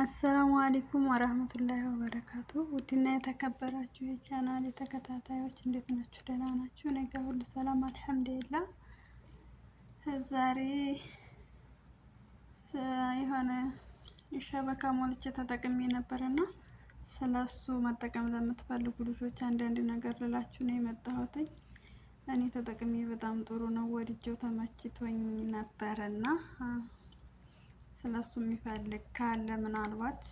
አሰላሙ አሌይኩም ወራህመቱላሂ ወበረካቱ። ውድና የተከበራችሁ የቻናል ተከታታዮች እንዴት ናችሁ? ደህና ናችሁ? እኔ ጋ ሁሉ ሰላም አልሐምዱሊላ። ዛሬ የሆነ ሸበካ ሞልቼ ተጠቅሜ ነበርና ስለሱ መጠቀም ለምትፈልጉ ልጆች አንዳንድ ነገር ልላችሁ ነው የመጣሁትኝ። እኔ ተጠቅሜ በጣም ጥሩ ነው ወድጀው ተመችቶኝ ነበረና። ስለሱ የሚፈልግ ካለ ምናልባት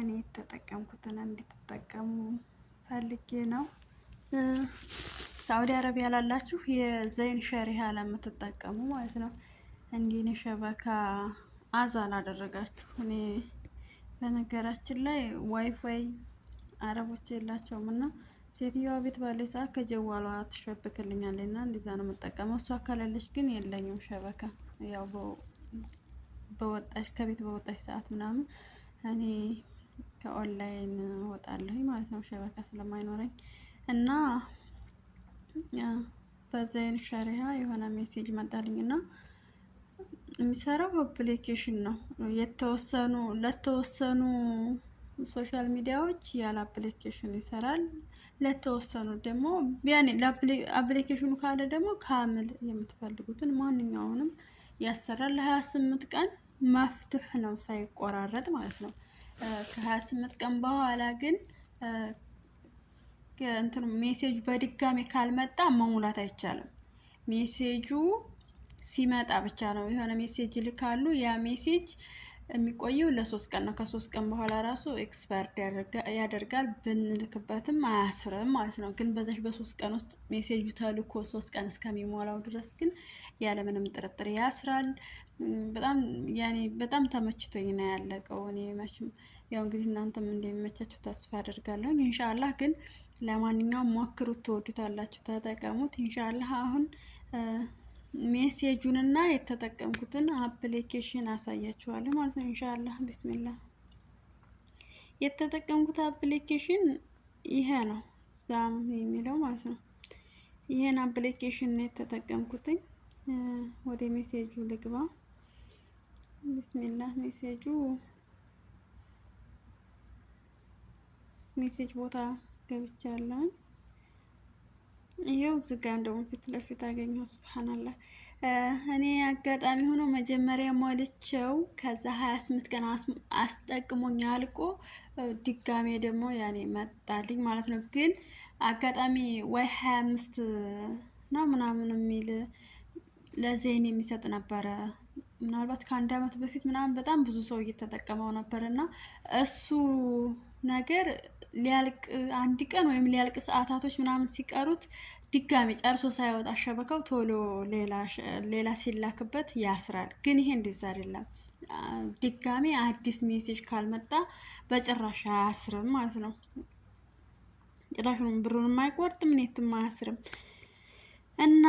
እኔ የተጠቀምኩትን እንድትጠቀሙ ፈልጌ ነው። ሳውዲ አረቢያ ላላችሁ የዘይን ሸሪሃ ለምትጠቀሙ ማለት ነው። እንዲህ ሸበካ አዛ ላደረጋችሁ እኔ በነገራችን ላይ ዋይፋይ አረቦች የላቸውም እና ሴትዮዋ ቤት ባለ ሰዓት ከጀዋሏ ትሸብክልኛለች እና እንደዛ ነው የምጠቀመው። እሷ ከሌለች ግን የለኝም ሸበካ ያው በወጣሽ ከቤት በወጣሽ ሰዓት ምናምን እኔ ከኦንላይን ወጣለሁኝ ማለት ነው፣ ሸበካ ስለማይኖረኝ እና በዘይን ሸሪሃ የሆነ ሜሴጅ መጣልኝ እና የሚሰራው አፕሊኬሽን ነው የተወሰኑ ለተወሰኑ ሶሻል ሚዲያዎች ያለ አፕሊኬሽን ይሰራል። ለተወሰኑ ደግሞ ያኔ አፕሊኬሽኑ ካለ ደግሞ ካምል የምትፈልጉትን ማንኛውንም ያሰራል ለሀያ ስምንት ቀን መፍትሕ ነው ሳይቆራረጥ ማለት ነው። ከ28 ቀን በኋላ ግን እንትኑ ሜሴጁ በድጋሚ ካልመጣ መሙላት አይቻልም። ሜሴጁ ሲመጣ ብቻ ነው የሆነ ሜሴጅ ይልካሉ። ያ ሜሴጅ የሚቆየው ለሶስት ቀን ነው። ከሶስት ቀን በኋላ ራሱ ኤክስፐርድ ያደርጋል። ብንልክበትም አያስርም ማለት ነው። ግን በዛች በሶስት ቀን ውስጥ ሜሴጁ ተልኮ ሶስት ቀን እስከሚሞላው ድረስ ግን ያለምንም ጥርጥር ያስራል። በጣም ያኔ በጣም ተመችቶኝ ነው ያለቀው። እኔ መቼም ያው እንግዲህ እናንተም እንደሚመቻችሁ ተስፋ አደርጋለሁ። ኢንሻአላህ ግን ለማንኛውም ሞክሩት፣ ትወዱታላችሁ፣ ተጠቀሙት። ኢንሻአላህ አሁን ሜሴጁንና የተጠቀምኩትን አፕሊኬሽን አሳያችኋለሁ ማለት ነው። ኢንሻአላህ ቢስሚላ የተጠቀምኩት አፕሊኬሽን ይሄ ነው፣ ዛም የሚለው ማለት ነው። ይሄን አፕሊኬሽን የተጠቀምኩትኝ ወደ ሜሴጁ ልግባ። ቢስሚላህ ሜሴጁ ሜሴጅ ቦታ ገብቻለሁ። ይኸው ዝጋ እንደውም ፊት ለፊት አገኘው። ስብሓናላ እኔ አጋጣሚ ሆኖ መጀመሪያ ሞልቼው ከዛ ሀያ ስምንት ቀን አስጠቅሞኝ አልቆ ድጋሜ ደግሞ ያኔ መጣልኝ ማለት ነው። ግን አጋጣሚ ወይ ሀያ አምስት ነው ምናምን የሚል ለዜን የሚሰጥ ነበረ። ምናልባት ከአንድ አመት በፊት ምናምን በጣም ብዙ ሰው እየተጠቀመው ነበር እና እሱ ነገር ሊያልቅ አንድ ቀን ወይም ሊያልቅ ሰዓታቶች ምናምን ሲቀሩት ድጋሚ ጨርሶ ሳይወጣ ሸበካው ቶሎ ሌላ ሲላክበት ያስራል። ግን ይሄ እንደዛ አይደለም። ድጋሚ አዲስ ሜሴጅ ካልመጣ በጭራሽ አያስርም ማለት ነው። ጭራሹን ብሩን የማይቆርጥ ምኔትም አያስርም እና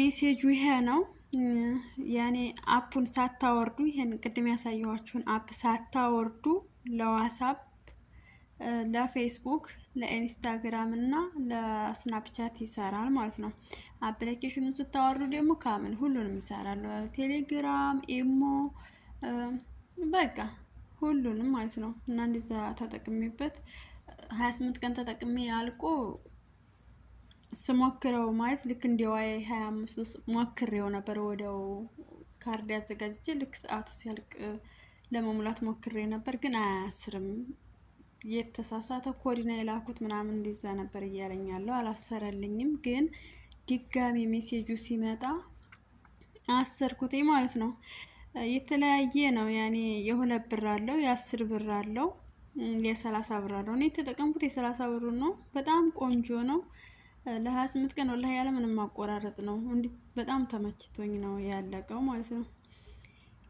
ሜሴጁ ይሄ ነው። ያኔ አፑን ሳታወርዱ ይሄን ቅድም ያሳየኋችሁን አፕ ሳታወርዱ ለዋሳብ ለፌስቡክ፣ ለኢንስታግራም እና ለስናፕቻት ይሰራል ማለት ነው። አፕሊኬሽኑን ስታወሩ ደግሞ ካምን ሁሉንም ይሰራል። ቴሌግራም፣ ኢሞ በቃ ሁሉንም ማለት ነው። እና እንደዛ ተጠቅሚበት ሀያ ስምንት ቀን ተጠቅሜ ያልቁ ስሞክረው ማለት ልክ እንዲዋይ ሀያ አምስት ውስጥ ሞክሬው ነበር። ወደው ካርድ ያዘጋጅቼ ልክ ሰዓቱ ሲያልቅ ለመሙላት ሞክሬ ነበር ግን አያስርም። የተሳሳተ ኮዲና የላኩት ምናምን እንዲዛ ነበር እያለኛለሁ። አላሰረልኝም። ግን ድጋሚ ሜሴጁ ሲመጣ አሰርኩቴ ማለት ነው። የተለያየ ነው ያኔ የሁለት ብር አለው፣ የአስር ብር አለው፣ የሰላሳ ብር አለው። እኔ የተጠቀምኩት የሰላሳ ብሩ ነው። በጣም ቆንጆ ነው። ለሀያ ስምንት ቀን ወላሂ ያለ ምንም ማቆራረጥ ነው። በጣም ተመችቶኝ ነው ያለቀው ማለት ነው።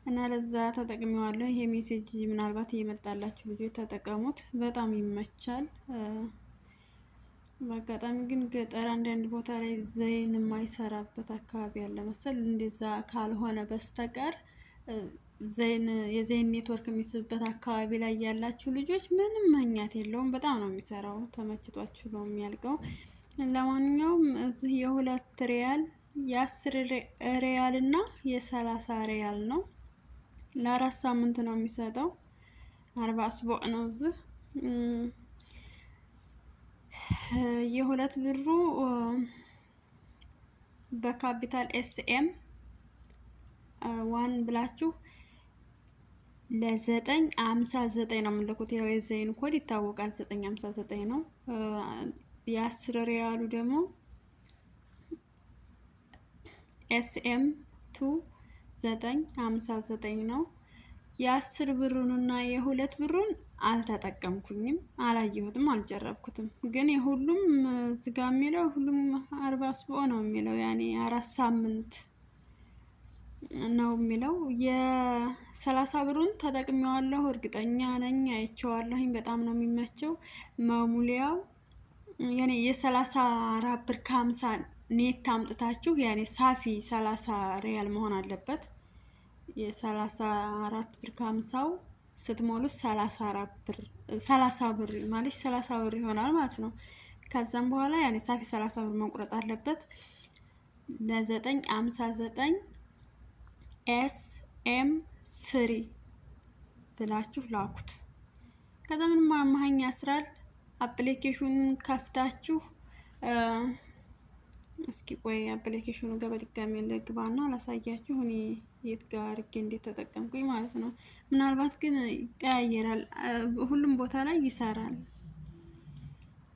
እና ለዛ ተጠቅሜዋለሁ። ይሄ ሜሴጅ ምናልባት እየመጣላችሁ ልጆች ተጠቀሙት፣ በጣም ይመቻል። በአጋጣሚ ግን ገጠር አንዳንድ ቦታ ላይ ዘይን የማይሰራበት አካባቢ ያለ መሰል እንደዛ ካልሆነ በስተቀር ዘይን የዘይን ኔትወርክ የሚስብበት አካባቢ ላይ ያላችሁ ልጆች ምንም መኛት የለውም። በጣም ነው የሚሰራው። ተመችቷችሁ ነው የሚያልቀው። ለማንኛውም እዚህ የሁለት ሪያል የአስር ሪያል እና የሰላሳ ሪያል ነው። ለአራት ሳምንት ነው የሚሰጠው። አርባ አስቦዕ ነው እዚህ የሁለት ብሩ በካፒታል ኤስኤም ዋን ብላችሁ ለዘጠኝ አምሳ ዘጠኝ ነው የምንልኩት። ያው የዘይን ኮድ ይታወቃል። ዘጠኝ አምሳ ዘጠኝ ነው። የአስር ሪያሉ ደግሞ ኤስኤም ቱ ዘጠኝ ሀምሳ ዘጠኝ ነው። የአስር ብሩንና የሁለት ብሩን አልተጠቀምኩኝም፣ አላየሁትም፣ አልጀረብኩትም። ግን የሁሉም ስጋ የሚለው ሁሉም አርባ ስቦ ነው የሚለው ያኔ አራት ሳምንት ነው የሚለው። የሰላሳ ብሩን ተጠቅሜዋለሁ፣ እርግጠኛ ነኝ፣ አይቼዋለሁኝ። በጣም ነው የሚመቸው መሙሊያው የኔ የሰላሳ አራት ብር ከሀምሳ ኔት አምጥታችሁ ያኔ ሳፊ 30 ሪያል መሆን አለበት። የ34 ብር ከሀምሳው ስትሞሉት 30 ብር ማለት 30 ብር ይሆናል ማለት ነው። ከዛም በኋላ ያኔ ሳፊ 30 ብር መቁረጥ አለበት። ለ959 ኤስ ኤም ስሪ ብላችሁ ላኩት። ከዛ ምንም አማሃኝ ያስራል። አፕሊኬሽኑን ከፍታችሁ እስኪ ቆይ አፕሊኬሽኑ ጋር በድጋሚ ልግባና አላሳያችሁ እኔ የት ጋር ግን እንዴት ተጠቀምኩኝ ማለት ነው። ምናልባት ግን ይቀያየራል፣ ሁሉም ቦታ ላይ ይሰራል።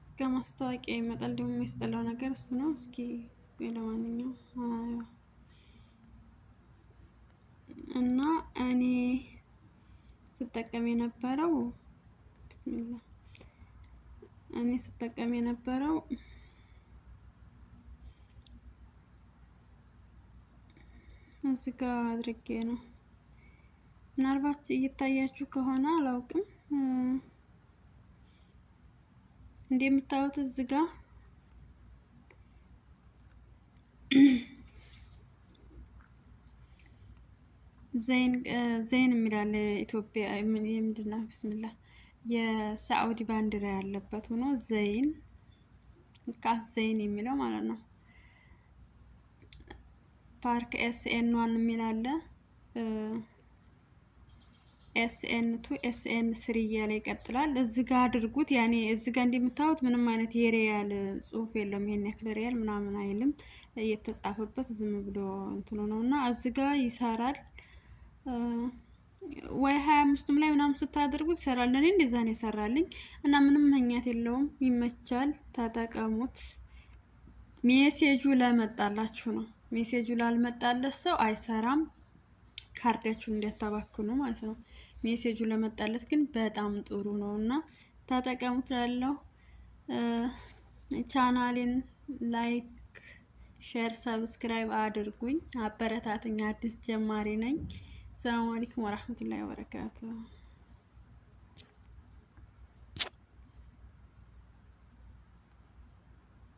እስከ ማስታወቂያ ይመጣል። ደግሞ የሚያስጠላው ነገር እሱ ነው። እስኪ ቆይ ለማንኛውም እና እኔ ስጠቀም የነበረው ብስሚላ እኔ ስጠቀም የነበረው እዚህ ጋር አድርጌ ነው። ምናልባት እየታያችሁ ከሆነ አላውቅም። እንደምታዩት እዚህ ጋር ዘይን የሚላል ኢትዮጵያ የምንድነው? ብስምላ የሳዑዲ ባንዲራ ያለበት ሆኖ ዘይን ቃስ ዘይን የሚለው ማለት ነው። ፓርክ ኤስኤን ዋን የሚል አለ። ኤስኤን ቱ ኤስኤን ስሪ እያለ ይቀጥላል። እዚህ ጋር አድርጉት። ያኔ እዚህ ጋር እንደምታዩት ምንም አይነት የሪያል ጽሁፍ የለም። ይሄን ያክል ሪያል ምናምን አይልም እየተጻፈበት ዝም ብሎ እንትኑ ነው እና እዚህ ጋር ይሰራል። ወይ ሀያ አምስቱም ላይ ምናምን ስታደርጉት ይሰራል። እኔ እንደዛ ይሰራልኝ እና ምንም መኛት የለውም። ይመቻል። ተጠቀሙት። ሜሴጁ ለመጣላችሁ ነው። ሜሴጁ ላልመጣለት ሰው አይሰራም። ካርዳችሁን እንዳታባክኑ ማለት ነው። ሜሴጁ ለመጣለት ግን በጣም ጥሩ ነው እና ተጠቀሙት። ላለው ቻናሌን ላይክ፣ ሼር፣ ሰብስክራይብ አድርጉኝ፣ አበረታትኝ። አዲስ ጀማሪ ነኝ። ሰላም አለይኩም ወራህመቱላሂ ወበረካቱ